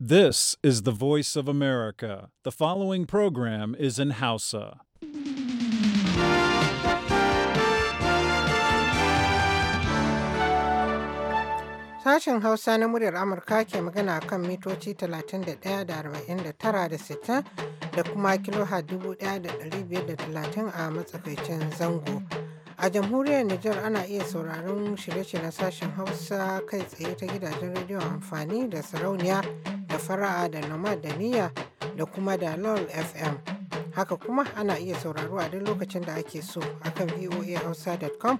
This is the voice of America. The following program is in Hausa. Sashen Hausa na muryar Amurka ke magana kan mitoci 31 da 49 da 60 da kuma kiloha 1530 a matsakaicin zango. A jamhuriyar Nijar ana iya sauraron shirye-shiryen sashen Hausa kai tsaye ta gidajen rediyon amfani da sarauniya da fara'a da nomad da niyya da kuma da lol fm haka kuma ana iya sauraro a duk lokacin da ake so akan voahausa.com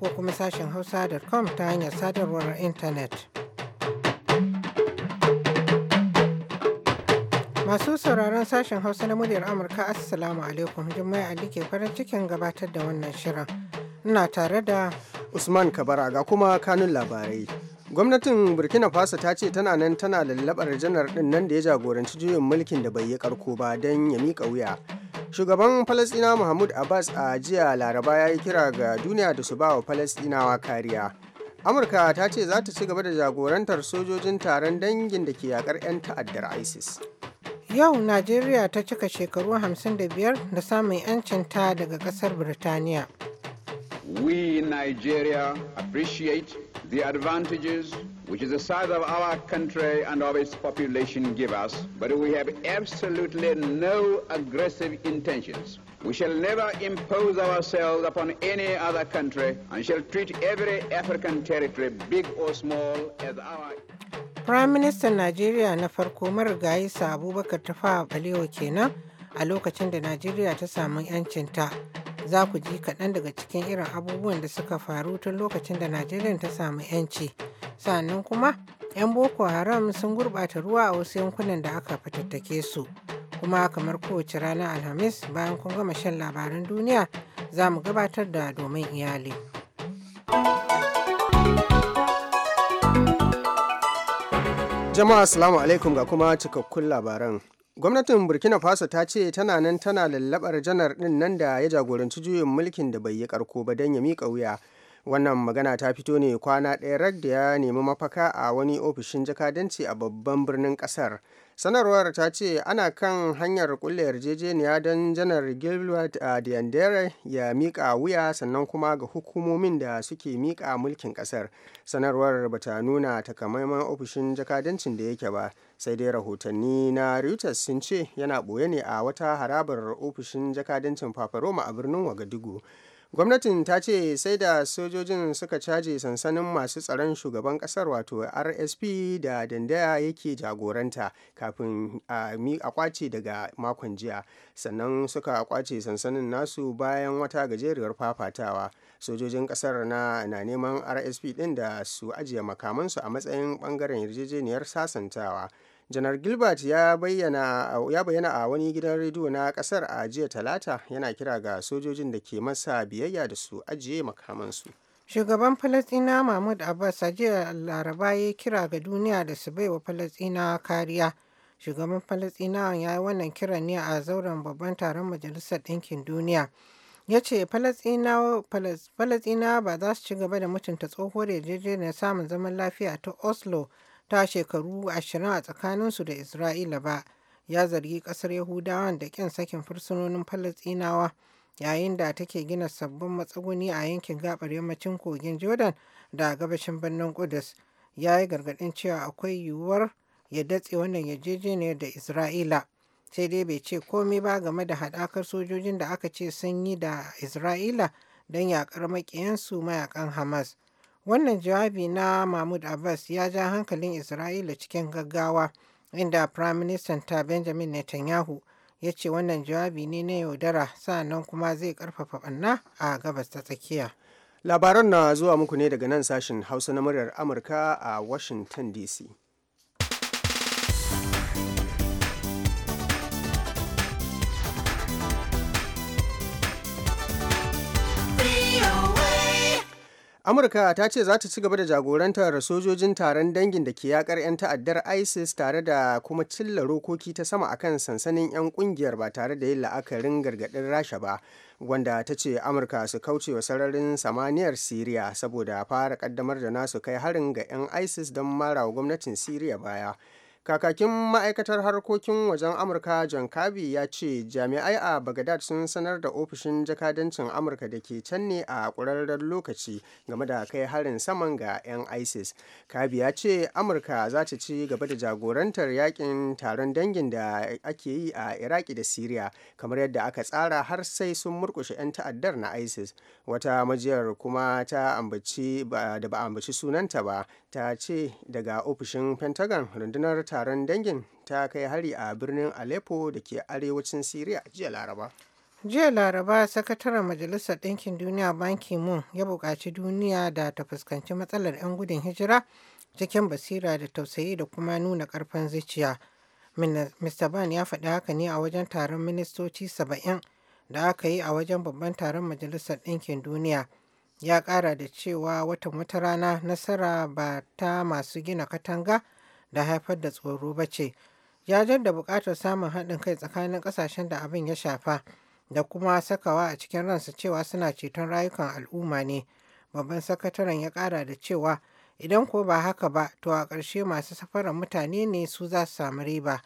ko kuma sashen hausa.com ta hanyar sadarwar intanet masu sauraron sashen hausa na muryar amurka assalamu alaikum jummai ali ke farin cikin gabatar da wannan shirin ina tare da usman kabara ga kuma kanun labarai gwamnatin burkina faso ta ce tana nan tana lallabar janar din nan da ya jagoranci juyin mulkin da bai yi karko ba don ya mika wuya shugaban falasɗina mahmud abbas a jiya laraba ya yi kira ga duniya da su ba wa falasɗinawa kariya amurka ta ce za ta ci gaba da jagorantar sojojin taron dangin da ke yakar 'yan ta'addar isis yau najeriya ta cika shekaru hamsin da biyar samun yancin ta daga ƙasar birtaniya we nigeria appreciate the advantages which the size of our country and of its population give us, but we have absolutely no aggressive intentions. We shall never impose ourselves upon any other country and shall treat every African territory, big or small, as our. Prime Minister Nigeria na farko Abubakar Tafawa Balewa kenan a lokacin da Najeriya ta samu 'yancinta. za ku ji kaɗan daga cikin irin abubuwan da suka faru tun lokacin da Najeriya ta samu 'yanci. Sannan kuma, 'yan Boko Haram sun gurɓata ruwa a wasu yankunan da aka fatattake su. Kuma kamar kowace ranar Alhamis bayan kun gama shan labaran duniya za mu gabatar da domin iyali. Jama'a Assalamu alaikum ga kuma cikakkun labaran. gwamnatin burkina faso ta ce tana nan tana lallabar janar din nan da ya jagoranci juyin mulkin da bai yi karko ba don ya miƙa wuya wannan magana ta fito ne kwana ɗaya rak da ya nemi mafaka a wani ofishin jakadanci a babban birnin ƙasar sanarwar ta ce ana kan hanyar kulle yarjejeniya don janar gilbert a eh, diandere ya miƙa wuya sannan kuma ga hukumomin da suke miƙa mulkin ƙasar. sanarwar ba ta nuna takamaiman ofishin jakadancin da yake ba sai dai rahotanni na reuters sun ce yana ɓoye ne a wata harabar ofishin jakadancin fafaroma a birnin wagadugu gwamnatin ta ce sai da sojojin suka caje sansanin masu tsaron shugaban kasar wato rsp da dandaya yake jagoranta kafin a kwace daga makon jiya sannan suka kwace sansanin nasu bayan wata gajeriyar fafatawa sojojin kasar na na neman rsp din da su ajiye makamansu a matsayin bangaren yarjejeniyar sasantawa janar gilbert ya bayyana a wani gidan rediyo na kasar a jiya talata yana kira ga sojojin da ke masa biyayya da su ajiye makamansu shugaban falasina mahmud abbas a jiya laraba ya kira ga duniya da su baiwa falasina kariya shugaban falasina ya yi wannan kiran ne a zauren babban taron majalisar ɗinkin duniya ya ce falasina ba za su ci gaba da mutunta tsohuwar yarjejeniyar samun zaman lafiya ta oslo ta shekaru ashirin a tsakaninsu da isra'ila ba ya zargi kasar yahudawa da ƙin sakin fursunonin falasinawa yayin da take gina sabbin matsuguni a yankin gabar yammacin kogin jordan da gabashin birnin kudus ya yi gargaɗin cewa akwai yiwuwar ya datse wannan yarjejeniyar da isra'ila sai dai bai ce komai ba game da haɗakar sojojin da aka ce sun yi da isra'ila don yaƙar maƙiyansu mayakan hamas wannan jawabi na mahmud abbas ya ja hankalin isra'ila cikin gaggawa inda prime minister ta benjamin netanyahu ya ce wannan jawabi ne na yaudara sa'annan kuma zai karfafa ɓanna a gabas ta tsakiya labaran na zuwa muku ne daga nan sashen hausa na muryar amurka a washington dc amurka ta ce za ta ci gaba da jagorantar sojojin taron dangin da ke yakar 'yan ta'addar isis tare da kuma cilla rokoki ta sama akan sansanin 'yan kungiyar ba tare da yin la'akarin gargadin rasha ba wanda ta ce amurka su kauce wa sararin samaniyar siriya saboda fara kaddamar da nasu kai harin ga 'yan isis don mara wa gwamnatin siriya baya kakakin ma'aikatar harkokin wajen amurka john kirby ya ce jami'ai a bagdad sun sanar da ofishin jakadancin amurka da ke can ne a ƙurarren lokaci game da kai harin saman ga 'yan isis kirby ya ce amurka za ta ci gaba da jagorantar yakin taron dangin da ake yi a iraki da syria kamar yadda aka tsara har sai sun murkushe 'yan ta'addar na isis wata majiyar kuma ta ambaci da ba ambaci sunanta ba ta ce daga ofishin pentagon rundunar taron dangin ta kai hari a birnin aleppo da ke arewacin syria jiya laraba jiya laraba sakataren majalisar ɗinkin duniya banki moon ya buƙaci duniya da ta fuskanci matsalar 'yan gudun hijira cikin basira da tausayi da kuma nuna ƙarfin zuciya mr ban ya faɗi haka ne a wajen taron ministoci 70 da aka yi a wajen babban taron majalisar ɗinkin duniya ya ƙara da cewa wata wata rana nasara ba ta masu gina katanga da haifar da tsoro ba ce ya da buƙatar samun haɗin kai tsakanin ƙasashen da abin ya shafa da kuma sakawa a cikin ransa cewa suna ceton rayukan al'umma ne babban sakataren ya ƙara da cewa idan ko ba haka ba to a ƙarshe masu safarar mutane ne su za su samu riba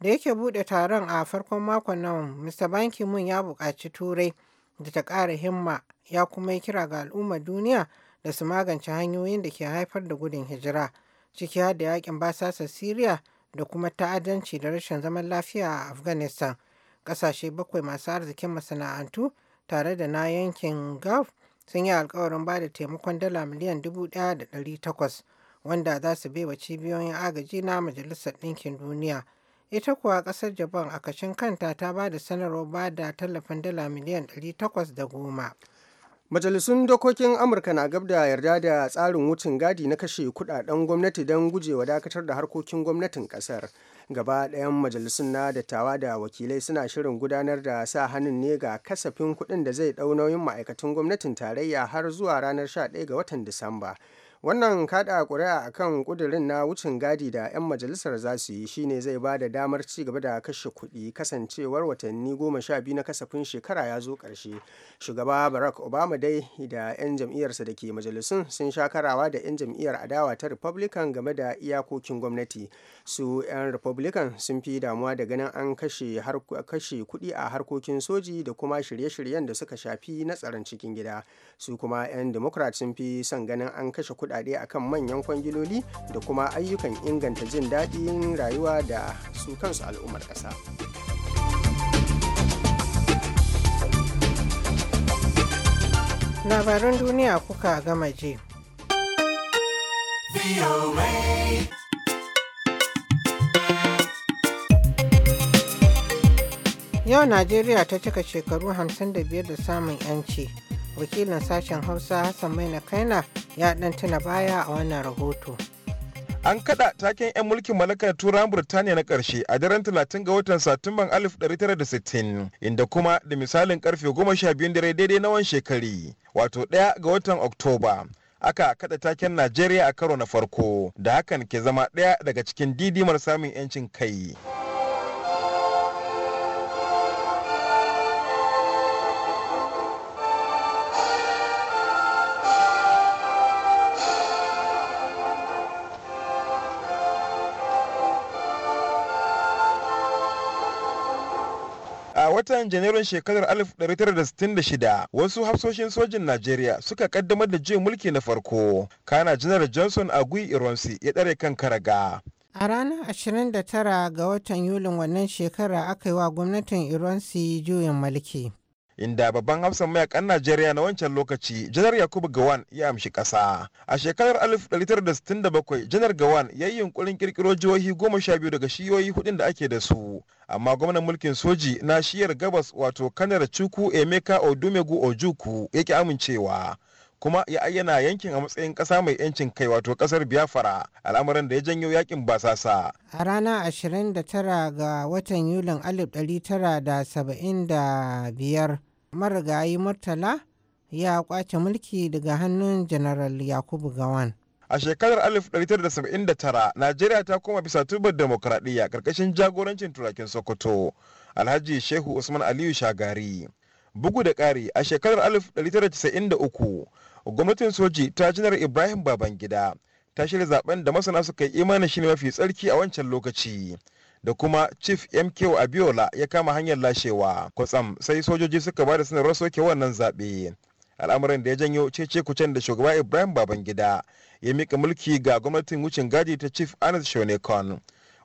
da yake buɗe taron a farkon makon nan mr banki mun ya buƙaci turai da ta ƙara himma ya kuma yi kira ga al'ummar duniya da su magance hanyoyin da ke haifar da gudun hijira ciki har da yakin basasar Siriya da kuma ta'addanci da rashin zaman lafiya a Afghanistan. Ƙasashe bakwai masu arzikin masana'antu tare da na yankin Gulf sun yi alkawarin ba da taimakon dala miliyan dubu ɗaya da ɗari takwas wanda za su bai wa cibiyoyin agaji na Majalisar Ɗinkin Duniya. Ita kuwa kasar Japan a kashin kanta ta ba da sanarwar ba da tallafin dala miliyan goma. Majalisun dokokin Amurka na gab da yarda da tsarin wucin gadi na kashe kudaden gwamnati don gujewa dakatar da harkokin gwamnatin kasar. Gaba ɗayan majalisun na dattawa da wakilai suna shirin gudanar da sa hannun ne ga kasafin kuɗin da zai ɗau nauyin ma'aikatan gwamnatin tarayya har zuwa ranar 11 ga watan Disamba. wannan kada kuri'a kan kudirin na wucin gadi da 'yan majalisar za su yi shine zai ba da damar ci gaba da kashe kuɗi kasancewar watanni goma sha biyu na kasafin shekara ya zo ƙarshe shugaba barack obama dai da 'yan jam'iyyarsa da ke majalisun sun sha karawa da 'yan jam'iyyar adawa ta republican game da iyakokin gwamnati su 'yan republican sun fi damuwa da ganin an kashe kuɗi a harkokin soji da kuma shirye-shiryen da suka shafi na tsaron cikin gida su kuma 'yan democrat sun fi son ganin an kashe kuɗaɗe akan manyan kwangiloli da kuma ayyukan inganta jin daɗin rayuwa da su kansu al'ummar ƙasa. labaran duniya kuka gama je. Yau Najeriya ta cika shekaru 55 da samun 'yanci. Wakilin sashen Hausa Hassan na Kaina ya dan tuna baya a wannan rahoto. An kada taken 'yan mulkin mallakar Turan Burtaniya na ƙarshe a daren 30 ga watan Satumban 1960 inda kuma da misalin karfe 12 dare daidai na wan shekari wato 1 ga watan Oktoba. aka kada taken Najeriya a karo na farko da hakan ke zama ɗaya daga cikin didimar samun 'yancin kai. watan janairun shekarar 1966 wasu hafsoshin sojin najeriya suka kaddamar da juyin mulki na farko kana janar johnson gui ironsi ya dare kan karaga A ranar 29 ga watan Yulin wannan shekara aka yi wa gwamnatin Iransi juyin mulki. inda babban hafsan mayakan Najeriya na wancan lokaci Janar Yakubu Gawan ya amshi ƙasa. A shekarar 1967 Janar Gawan ya yi yunkurin kirkiro jihohi 12 sha biyu daga shiyoyi hudun da ake da su. Amma gwamnan mulkin soji na shiyar gabas wato kanar chuku Emeka Odumegu Ojuku yake amincewa. kuma ya ayyana yankin a matsayin ƙasa mai 'yancin kai wato ƙasar biafra al'amarin da ya janyo yakin basasa a rana 29 ga watan yulin 1975 marigayi murtala ya kwace mulki daga hannun janaral yakubu gawan a shekarar 1979 najeriya ta koma bisa tubar demokradiyya karkashin jagorancin turakin sokoto alhaji shehu usman aliyu shagari bugu da ƙari a shekarar 1993 gwamnatin soji ta janar ibrahim babangida ta shirya zaben da masana suka yi imanin shi ne mafi tsarki a wancan lokaci da kuma chief mk abiola ya kama hanyar lashewa kwatsam sai sojoji suka ba da sanarwar soke wannan zaɓe Al'amuran da ya janyo cece kucen da shugaba ibrahim babangida ya mika mulki ga gwamnatin wucin gadi ta chief anas shonekon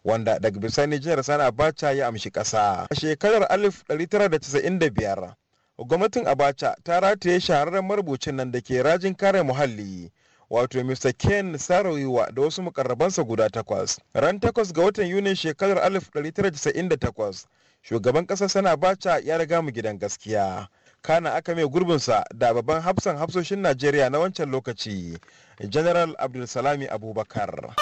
wanda daga bisani janar sana abacha ya amshi ƙasa a shekarar 1995 gwamnatin abacha ta rataye shahararren marubucin nan da ke rajin kare muhalli wato mr ken sarawiwa da wasu mukarrabansa guda takwas ran takwas ga watan yunin shekarar 1998 shugaban ƙasar sana Bacha ya riga mu gidan gaskiya kana aka mai gurbinsa da babban hafsan hafsoshin najeriya na wancan lokaci general abdulsalami abubakar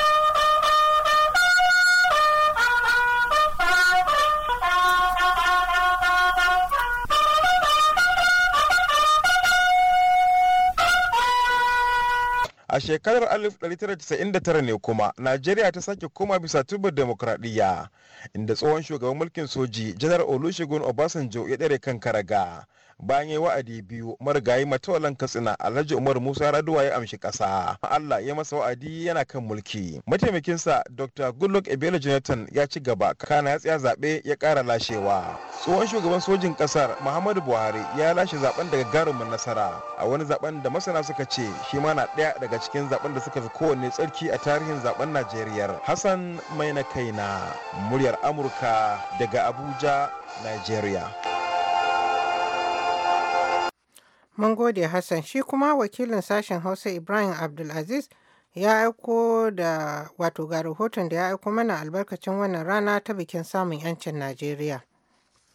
A shekarar 1999 ne kuma Najeriya ta sake koma bisa tubar demokradiyya inda tsohon shugaban mulkin soji Janar Olusegun Obasanjo ya ɗare kan karaga. bayan ya wa'adi biyu marigayi matawalan katsina alhaji umar musa raduwa ya amshi ƙasa allah ya masa wa'adi yana kan mulki mataimakinsa dr goodluck ebele jonathan ya ci gaba kana ya tsaya zaɓe ya ƙara lashewa tsohon shugaban sojin ƙasar muhammadu buhari ya lashe zaben daga garumin nasara a wani zaben da masana suka ce shi ma na ɗaya daga cikin zaben da suka fi kowanne tsarki a tarihin zaben najeriya hassan mai na kaina muryar amurka daga abuja nigeria Mun gode Hassan, shi kuma wakilin sashen Hausa Ibrahim Abdulaziz ya aiko da wato ga rahoton da ya aiko mana albarkacin wannan rana ta bikin samun 'yancin Najeriya.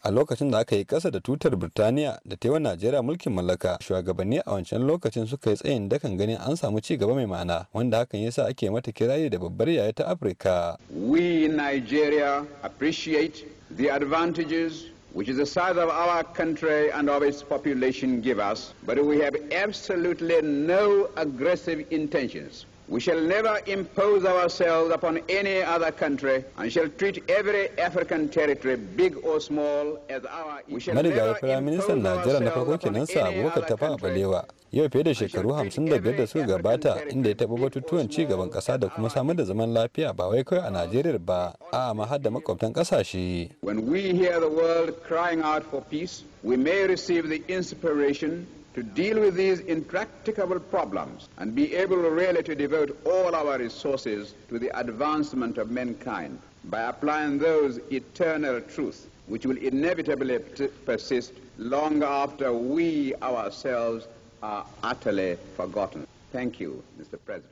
a lokacin da aka yi kasa da tutar birtaniya da ta yi najeriya mulkin mallaka shugabanni a wancan lokacin suka yi tsayin dakan ganin an samu ci gaba mai ma'ana wanda hakan yasa ake mata kirayi da babbar yaya ta afirka we nigeria appreciate the advantages which the size of our country and of its population give us, but we have absolutely no aggressive intentions. We shall never impose ourselves upon any other country and shall treat every African territory, big or small, as our equal. shall never impose ourselves upon any other country yau fiye da shekaru 55 da suka gabata inda ya taɓa batutuwan ci gaban ƙasa da kuma samar da zaman lafiya ba wai kawai a Najeriya ba a ma har da makwabtan ƙasashe. When we hear the world crying out for peace, we may receive the inspiration to deal with these intractable problems and be able really to devote all our resources to the advancement of mankind by applying those eternal truths which will inevitably persist long after we ourselves are utterly forgotten. Thank you, Mr. President.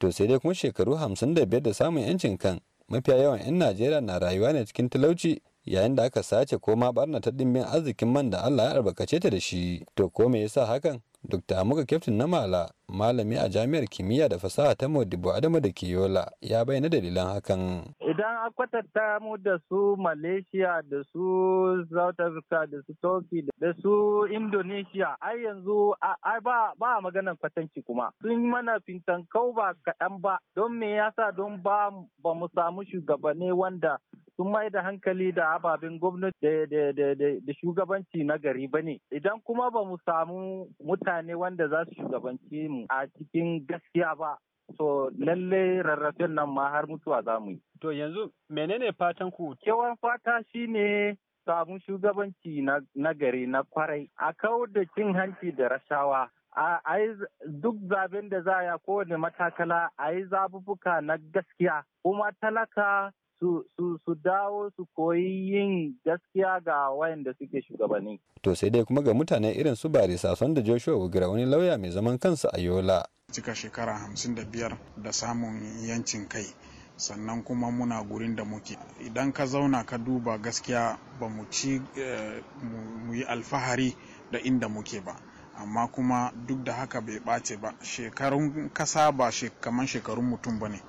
To say the kuma shekaru 55 da samun 'yancin kan mafiya yayin da aka sace ko ma barna ta dimbin arzikin man da Allah ya albarkace ta da shi to ko me yasa hakan Dr. Amuka Kyaftin na Mala, malami a Jami'ar Kimiyya da Fasaha ta Modibo Adamu da Kiyola ya bayyana dalilan hakan. Idan a kwatanta mu da su Malaysia da su South Africa da su Turkey da su Indonesia, ai yanzu ai ba ba maganar kwatanci kuma. Sun yi mana fintankau ba kaɗan ba, don me yasa don ba ba mu samu shugabanni wanda sun mai da hankali da ababen gwamnati da shugabanci na gari ba ne. Idan kuma ba mu samu mutane wanda za su shugabanci mu a cikin gaskiya ba, to lalle rarrafin nan ma har mutuwa za mu yi. To yanzu menene fatan ku? Kewan fata shine samu shugabanci na gari na kwarai a kawo da cin hanci da rashawa a yi duk zaben da za a kowane matakala a yi zabubuka na gaskiya kuma talaka su su dawo su koyi yin gaskiya ga wayanda suke shugabanni. To sai dai kuma ga mutane irin su barisa son da Joshua Ugira wani lauya mai zaman kansa a Yola. Cika shekara hamsin da biyar da samun yancin kai sannan kuma muna gurin da muke idan ka zauna ka duba gaskiya ba mu ci eh, mu yi alfahari da inda muke ba amma kuma duk da haka bai ɓace ba shekarun kasa ba kamar shekarun mutum ba ne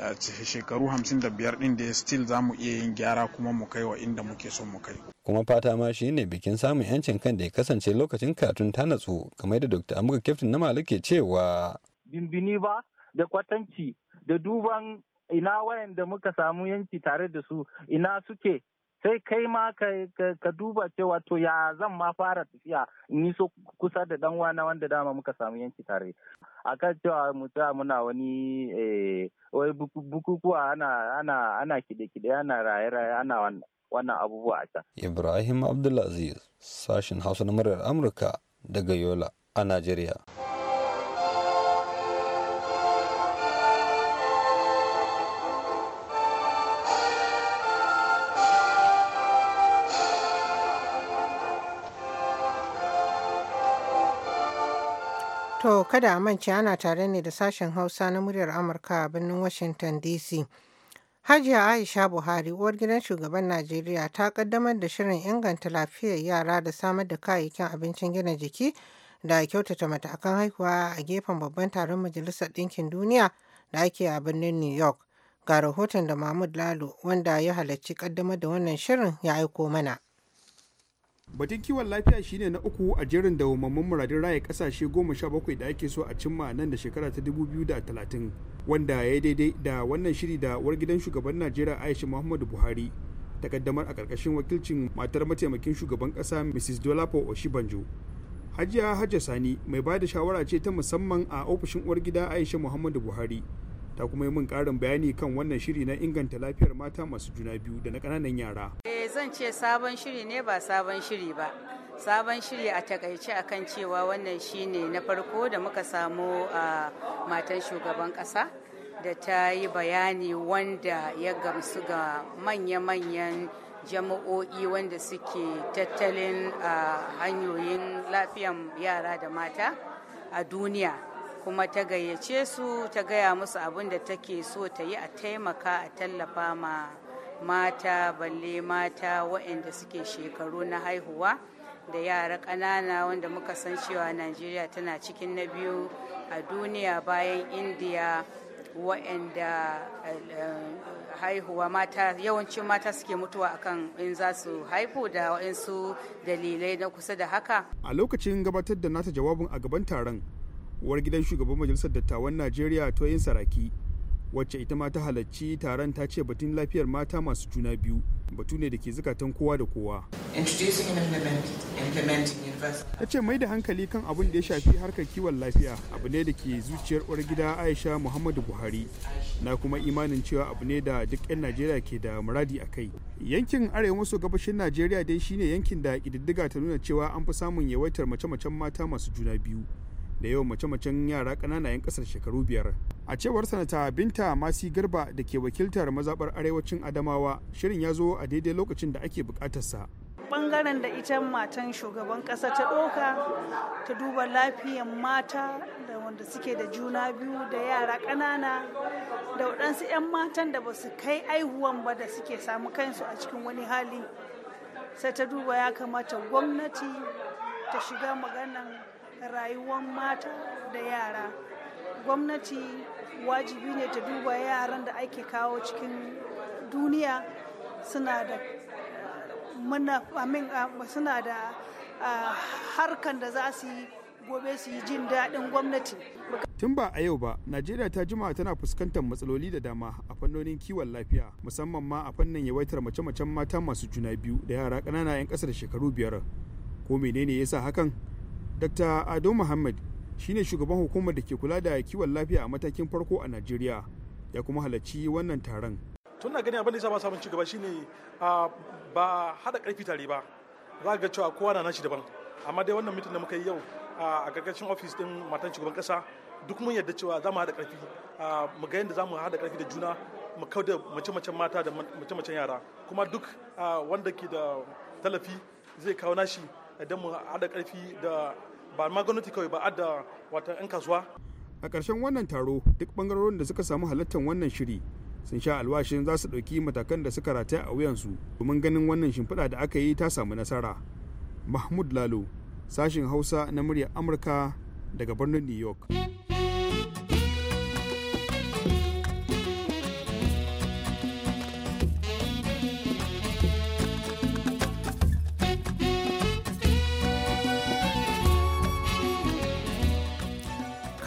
a shekaru 55 din da ya still za mu iya yin gyara kuma mu kai wa inda muke son mu kai kuma fata ma shi ne bikin samun yancin kan da ya kasance lokacin katun ta natsu kamar da dr Amurka kyaftin na malik ke cewa bimbini ba da kwatanci da duban ina wayanda muka samu yanci tare da su ina suke sai kai ma ka duba cewa to ya zan ma fara tafiya in yi so kusa da dan wana wanda dama muka samu yanci tare akan cewa mutum muna wani eh, wai bukukuwa ana ana kide-kide ana raye-raye ana wannan abubuwa a can. Ibrahim Abdulaziz sashen Hausa na muryar Amurka daga Yola a Najeriya. To kada a mance ana tare ne da sashen Hausa na muryar Amurka a birnin Washington DC. Hajiya Aisha Buhari, uwar gidan shugaban Najeriya, ta kaddamar da shirin inganta lafiyar yara da samar da kayayyakin abincin gina jiki da kyautata matakan haihuwa a gefen babban taron Majalisar Ɗinkin Duniya da ake a birnin New York. Ga rahoton da Mahmud Lalo, wanda ya halarci kaddamar da wannan shirin ya aiko mana. batun kiwon lafiya shine na uku a jerin dawamamman muradin raya kasashe goma sha bakwai da ake so a cimma nan da shekara ta dubu biyu da talatin wanda ya daidai da wannan shiri da war gidan shugaban najeriya aisha muhammadu buhari takaddamar a karkashin wakilcin matar mataimakin shugaban kasa mrs dolapo oshibanjo hajiya hajja sani mai bada shawara ce ta musamman a ofishin uwar gida aisha muhammadu buhari ta kuma yi min karin bayani kan wannan shiri na inganta lafiyar mata masu juna biyu da na ƙananan yara zan ce sabon shiri ne ba sabon shiri ba sabon shiri a takaice akan cewa wannan shine na farko da muka samu a matan shugaban kasa da ta yi bayani wanda ya gamsu ga manya-manyan jama'o'i wanda suke tattalin a hanyoyin lafiyan yara da mata a duniya kuma ta gayyace su ta gaya musu abin da take so ta yi a taimaka a tallafa ma mata balle mata waɗanda suke shekaru na haihuwa da yara ƙanana wanda muka san cewa najeriya tana cikin na biyu a duniya bayan indiya waɗanda eh, haihuwa mata yawancin mata suke mutuwa akan in za su haihu da waɗansu dalilai na kusa da haka a lokacin gabatar da nata jawabin a gaban taron uwar gidan shugaban majalisar dattawan najeriya toyin saraki wacce ita ma ta halarci taron ta ce batun lafiyar mata masu juna biyu batu ne da ke zukatan kowa da kowa. Ta ce mai da hankali kan abin da ya shafi harkar kiwon lafiya abu ne da ke zuciyar uwar gida Aisha Muhammadu Buhari na kuma imanin cewa abu ne da duk 'yan Najeriya ke da muradi a kai. Yankin arewa maso gabashin Najeriya dai shine yankin da ƙididdiga ta nuna cewa an fi samun yawaitar mace-macen mata masu juna biyu da yawan mace-macen yara ƙanana 'yan ƙasar shekaru biyar. a cewar sanata binta masi garba da ke wakiltar mazabar arewacin adamawa shirin ya zo a daidai lokacin da ake bukatarsa bangaren da ita matan shugaban kasa ta ɗauka ta duba lafiyan mata da wanda suke da juna biyu da yara ƙanana da waɗansu 'yan matan da ba su kai aihuwan ba da suke samu kansu a cikin wani hali sai ta duba ya kamata gwamnati ta shiga maganan rayuwar mata da yara gwamnati wajibi ne ta duba yaran da ake kawo cikin duniya suna da uh, suna da uh, harkan da za su yi gobe su yi jin daɗin gwamnati. Tun ba a yau ba, Najeriya ta jima tana fuskantar matsaloli da dama a fannonin kiwon lafiya, musamman ma a fannin yawaitar mace-macen mata masu juna biyu da yara ƙanana 'yan ƙasar shekaru biyar. Ko menene ya sa hakan? Dr. Ado Muhammad shine shugaban hukumar da ke kula da kiwon lafiya a matakin farko a najeriya ya kuma halarci wannan taron tun gani abin da ya sa ba samun gaba shine ba hada karfi tare ba za ga cewa kowa na nashi daban amma dai wannan mitin da muka yi yau a gargashin ofis din matan shugaban kasa duk mun yarda cewa za mu hada karfi mu ga yadda za mu hada karfi da juna mu kau da mace-macen mata da mace-macen yara kuma duk wanda ke da talafi zai kawo nashi idan mu hada karfi da ba ma gwamnati kawai ba adda wata 'yan kasuwa a ƙarshen wannan taro duk bangarorin da suka samu halartar wannan shiri sun sha alwashin za su ɗauki matakan da suka rataya a wuyansu domin ganin wannan shimfiɗa da aka yi ta samu nasara mahmud lalo sashin hausa na muryar amurka daga birnin new york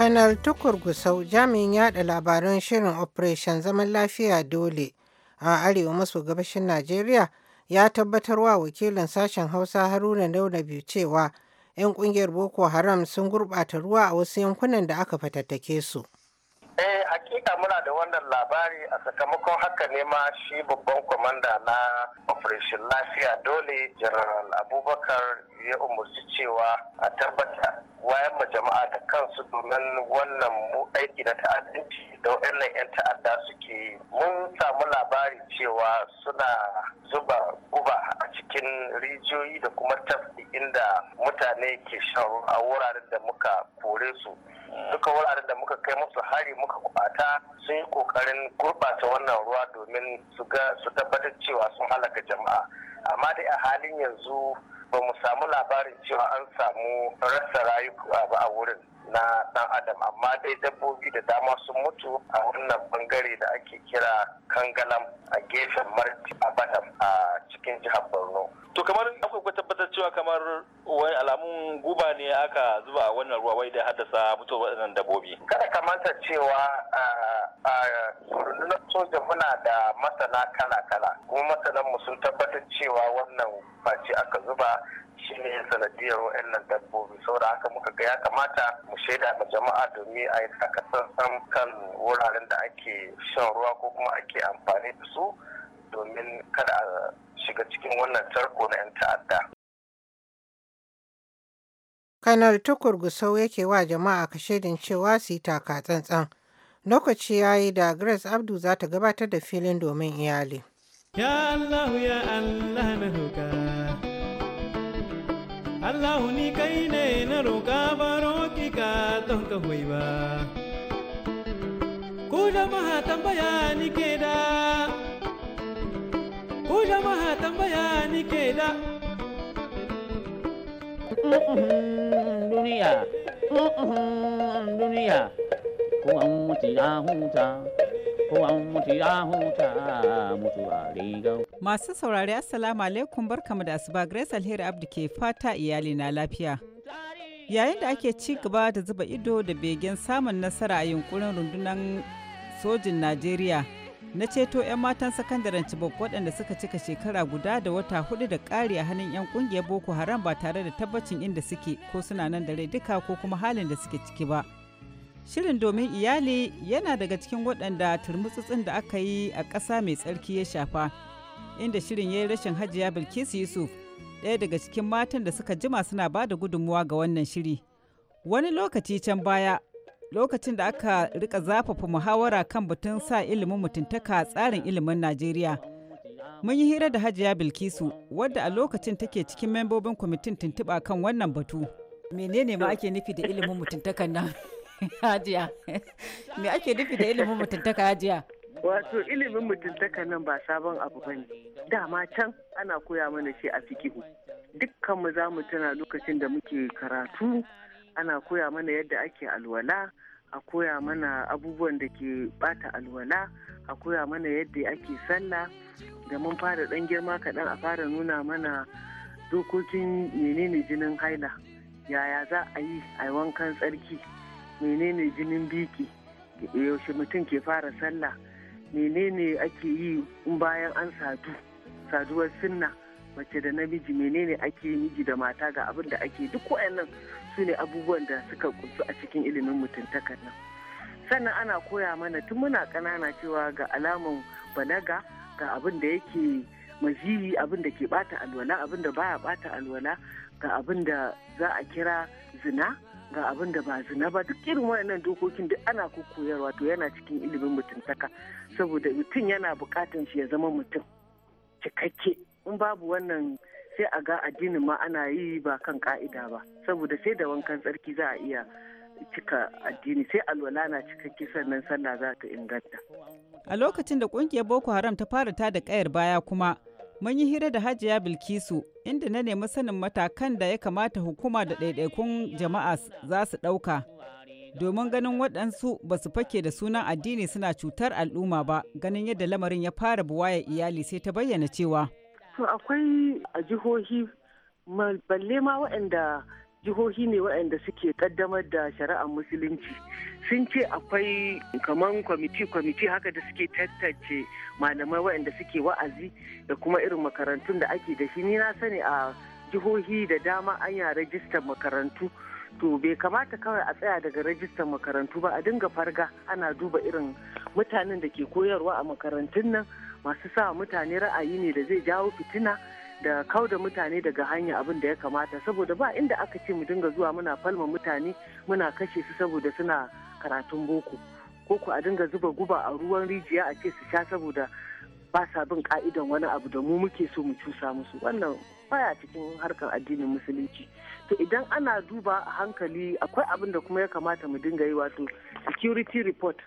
Kanar Tukur Gusau jami'in yada labaran shirin Operation Zaman Lafiya Dole a Arewa maso gabashin Najeriya ya tabbatar wa wakilin sashen Hausa Haruna Daura biyu cewa 'yan kungiyar Boko Haram sun gurbata ruwa a wasu yankunan da aka fatattake su. eh hakika muna da wannan labari a sakamakon haka ne ma shi babban kwamanda na operation lafiya dole general abubakar ya umarci cewa a tabbata wayan ma jama'a da kansu domin wannan mu aiki na ta'addanci da waɗannan 'yan ta'adda suke mun samu labari cewa suna zuba guba a cikin rijiyoyi da kuma tafki inda mutane ke shan a wuraren da muka kore su duka wuraren da muka kai musu hari muka kwata sun yi kokarin gurɓata wannan ruwa domin su ga su tabbatar cewa sun halaka jama'a amma dai a halin yanzu ba mu samu labarin cewa an samu rasa rayuka ba a wurin na dan adam amma dai dabbobi da dama sun mutu a wannan bangare da ake kira kangalam a gefen marti a batam a cikin jihar borno to kamar akwai kwa tabbatar cewa kamar wai alamun guba ne aka zuba a wannan ruwa wai da haddasa fito waɗannan dabobi kada ka manta cewa a rundunar soja muna da masana kala kala kuma masanan mu sun tabbatar cewa wannan face aka zuba shine ya sanadiyar wa'annan dabbobi saboda haka muka ga ya kamata mu shaida ma jama'a domin a yi takasansan kan wuraren da ake shan ruwa ko kuma ake amfani da su domin kada a shiga cikin wannan tarko na 'yan ta'adda. kanar tukur gusau yake wa jama'a ka shaidin cewa su yi taka tsantsan lokaci ya yi da grace abdu za ta gabatar da filin domin iyali ya allah ya allah na hukar Allah huni kai ne na roƙa baro ki ka don ka hoyi ba. Ku jama'a tambaya ni ke da, ku jama'a tambaya ni ke da. Duniya, duniya, ko an mutu ya huta. an mutu ya huta a rigau. Masu saurari Assalamu alaikum barkamu da asuba Grace Alheri abdu ke fata iyali na lafiya. Yayin da ake ci gaba da zuba ido da begen samun nasara a yunkurin rundunar sojin Najeriya na ceto 'yan matan sakandaren cibok waɗanda suka cika shekara guda da wata hudu da ƙari a hannun 'yan ƙungiyar Boko Haram ba tare da tabbacin inda suke ko suna nan da rai duka ko kuma halin da suke ciki ba. Shirin domin iyali yana daga cikin waɗanda turmutsutsun da aka yi a ƙasa mai tsarki ya shafa, inda shirin ya yi rashin hajiya Bilkisu Yusuf, ɗaya daga cikin matan da suka jima suna ba da gudunmuwa ga wannan shiri. Wani lokaci can baya, lokacin da aka rika zafafa muhawara kan batun sa ilimin mutuntaka tsarin ilimin Najeriya. Mun yi hira da Hajiya Bilkisu, wadda a lokacin take cikin membobin kwamitin tuntuɓa kan wannan batu. Menene ma ake nufi da ilimin mutuntakan nan? hajiya me ake nufi da ilimin mutuntaka hajiya wato ilimin mutuntaka nan ba sabon abu ba ne dama can ana koya mana shi a fikihu dukkan mu za mu tuna lokacin da muke karatu ana koya mana yadda ake alwala a koya mana abubuwan da ke bata alwala a koya mana yadda ake sallah da mun fara dan girma kaɗan a fara nuna mana dokokin menene jinin haila yaya za a yi a wankan tsarki menene jinin biki yaushe mutum ke fara sallah menene ake yi bayan an sadu saduwar sunna mace da namiji menene ake yi miji da mata ga abin da ake duk wayannan su ne abubuwan da suka kunsu a cikin ilimin mutuntakar nan sannan ana koya mana tun muna ƙanana cewa ga alaman balaga ga abin da yake maziyi abin da ke bata alwala abin da baya bata alwala ga abin da za a kira zina ga abin da ba zina ba duk irin waɗannan dokokin duk ana koyarwa to yana cikin ilimin mutuntaka saboda mutum yana bukatan shi ya zama mutum cikakke in babu wannan sai a ga addinin ma ana yi ba kan ka'ida ba saboda sai da wankan tsarki za a iya cika addini sai alwala na cikakke sannan sallah za ta inganta a lokacin da kungiyar boko haram ta fara ta da kayar baya kuma mun yi hira da hajiya bilkisu inda na nemi sanin matakan da ya kamata hukuma da ɗaiɗaikun jama'a za su ɗauka domin ganin waɗansu ba su fake da sunan addini suna cutar al'umma ba ganin yadda lamarin ya fara buwaya iyali sai ta bayyana cewa akwai a jihohi balle ma waɗanda jihohi ne waɗanda suke kaddamar da shari'ar musulunci sun ce akwai kamar kwamiti-kwamiti haka da suke tattace malamai waɗanda suke wa'azi da kuma irin makarantun da ake da shi ni na sani a jihohi da dama an yi rajistar makarantu to bai kamata kawai a tsaya daga rajistar makarantu ba a dinga farga ana duba irin mutanen da ke koyarwa a makarantun nan masu sa mutane ra'ayi ne da zai jawo fitina da kau da mutane daga hanya abin da ya kamata saboda ba inda aka ce mu dinga zuwa muna falma mutane muna kashe su saboda suna karatun boko ko ku a dinga zuba guba a ruwan rijiya a ce su sha saboda ba sa bin ka'idan wani abu da mu muke so mu cusa musu wannan baya cikin harkar addinin musulunci to idan ana duba hankali akwai abin da kuma ya kamata mu dinga yi wato security report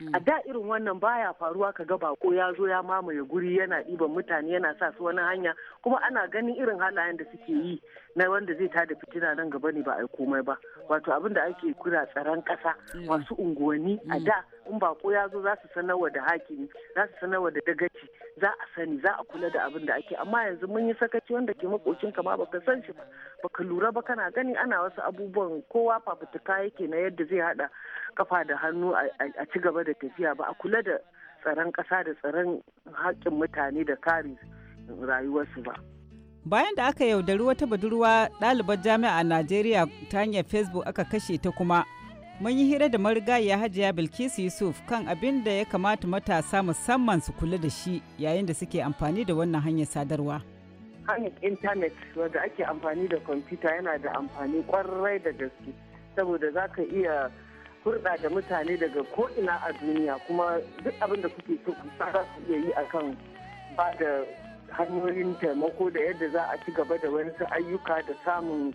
Mm. a da irin wannan baya faruwa ka ga bako ya zo ya mamaye guri yana ɗiban mutane yana sa su wani hanya kuma ana ganin irin halayen da suke yi na wanda zai tada fitina nan gaba ne ba a yi komai ba wato abin da ake kula tsaron kasa masu unguwanni a mm. da in bako ya zo za su sanarwa da hakimi za su sanarwa da dagaci za a sani za a kula da abin da ake amma yanzu mun yi sakaci wanda ke makocin kama baka san shi ba baka lura ba kana gani ana wasu abubuwan kowa fafutuka yake na yadda zai hada kafa da hannu a ci gaba da tafiya ba a kula da tsaron ƙasa da tsaron haƙƙin mutane da kare rayuwarsu ba. bayan da aka yaudari wata budurwa ɗalibar jami'a a najeriya ta hanyar facebook aka kashe ta kuma mun yi hira da marigayiya hajiya bilkisu yusuf kan abin da ya kamata matasa musamman su kula da shi yayin da suke amfani da wannan hanyar sadarwa hanyar intanet wanda ake amfani da kwamfuta yana da amfani kwarai da gaske saboda za ka iya hurɗa da mutane daga ko'ina a duniya kuma duk abin da kuke so za ku iya yi akan ba da hanyoyin taimako da yadda za a ci gaba da wasu ayyuka da samun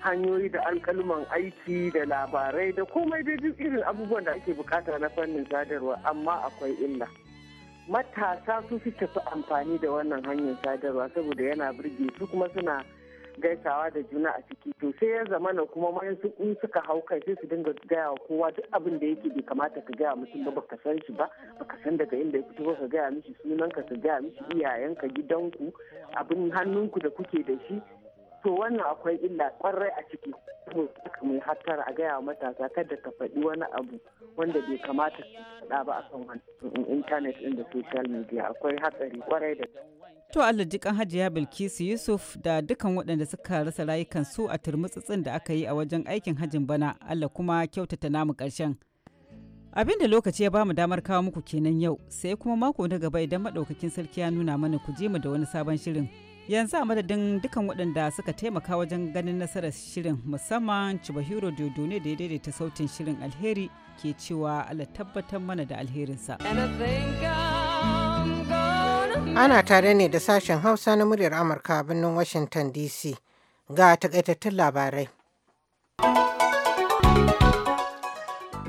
hanyoyi da alkaluman aiki da labarai da komai da duk irin abubuwan da ake bukata na fannin sadarwa amma akwai illa matasa su fi tafi amfani da wannan hanyar sadarwa saboda yana birge su kuma suna gaisawa da juna a ciki to sai ya zama na kuma mayan su in suka hau kai sai su dinga gaya wa kowa duk abin da yake bai kamata ka gaya mutum ba baka san shi ba baka san daga inda ya fito ka gaya mishi sunanka ka gaya mishi iyayen iyayenka gidanku abin hannunku da kuke da shi to wannan akwai illa kwarai a ciki ka mai hattar a gaya matasa kada ka faɗi wani abu wanda bai kamata ka faɗa ba a kan intanet ɗin da social media akwai hatsari kwarai da To Allah jikan Hajiya Bilkisu Yusuf da dukan waɗanda suka rasa rayukan su a turmutsutsin da aka yi a wajen aikin hajin bana Allah kuma kyautata namu ƙarshen. Abin da lokaci ya bamu damar kawo muku kenan yau sai kuma mako na gaba idan maɗaukakin sarki ya nuna mana ku je mu da wani sabon shirin. Yanzu a madadin dukan waɗanda suka taimaka wajen ganin nasarar shirin musamman Cibahiro dodone da ya daidaita sautin shirin alheri ke cewa Allah tabbatar mana da alherinsa. Ana tare ne da sashen Hausa na muryar Amurka a birnin Washington DC ga takaitattun labarai.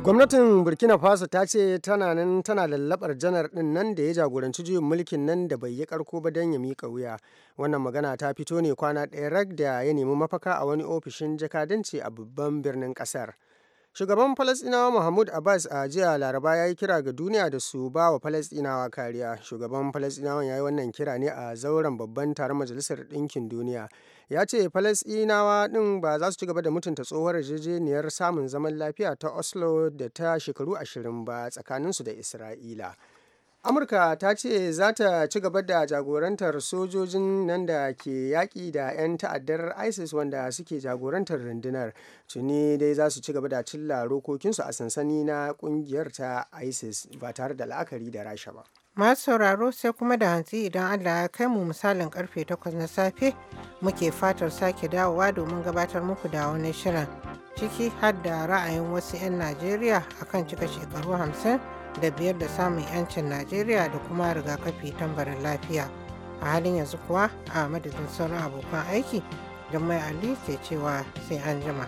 Gwamnatin Burkina Faso ta ce tana nan tana lallabar janar ɗin nan da ya jagoranci juyin mulkin nan da bai yi karko ba don ya miƙa wuya. Wannan magana ta fito ne kwana ɗaya rag da ya nemi mafaka a wani ofishin jakadanci a babban birnin ƙasar. Shugaban Falasɗinawa Mahmud Abbas a jiya Laraba ya yi kira ga duniya da su ba wa Falasɗinawa kariya. Shugaban falasɗinawa ya yi wannan kira ne a zauren babban taron Majalisar Ɗinkin Duniya. Ya ce Falasɗinawa ɗin ba za su ci gaba da mutunta tsohuwar yarjejeniyar samun zaman lafiya ta Oslo da ta shekaru ashirin ba tsakaninsu da Isra'ila. amurka ta ce za ta ci gaba da jagorantar sojojin nan da ke yaƙi da 'yan ta'addar isis wanda suke jagorantar rundunar tuni dai za su ci gaba da cilla rokokinsu a sansani na ƙungiyar ta isis ba tare da la'akari da rasha ba masu sauraro sai kuma da hantsi idan allah ya kai mu misalin karfe 8 na safe muke fatar sake dawowa domin gabatar muku da wani shirin ciki har da ra'ayin wasu 'yan najeriya akan cika shekaru 50 da biyar da samun 'yancin Najeriya da kuma rigakafi tambarin lafiya. A halin yanzu kuwa a madadin sauran abokan aiki, Jummai Ali ke cewa sai an jima.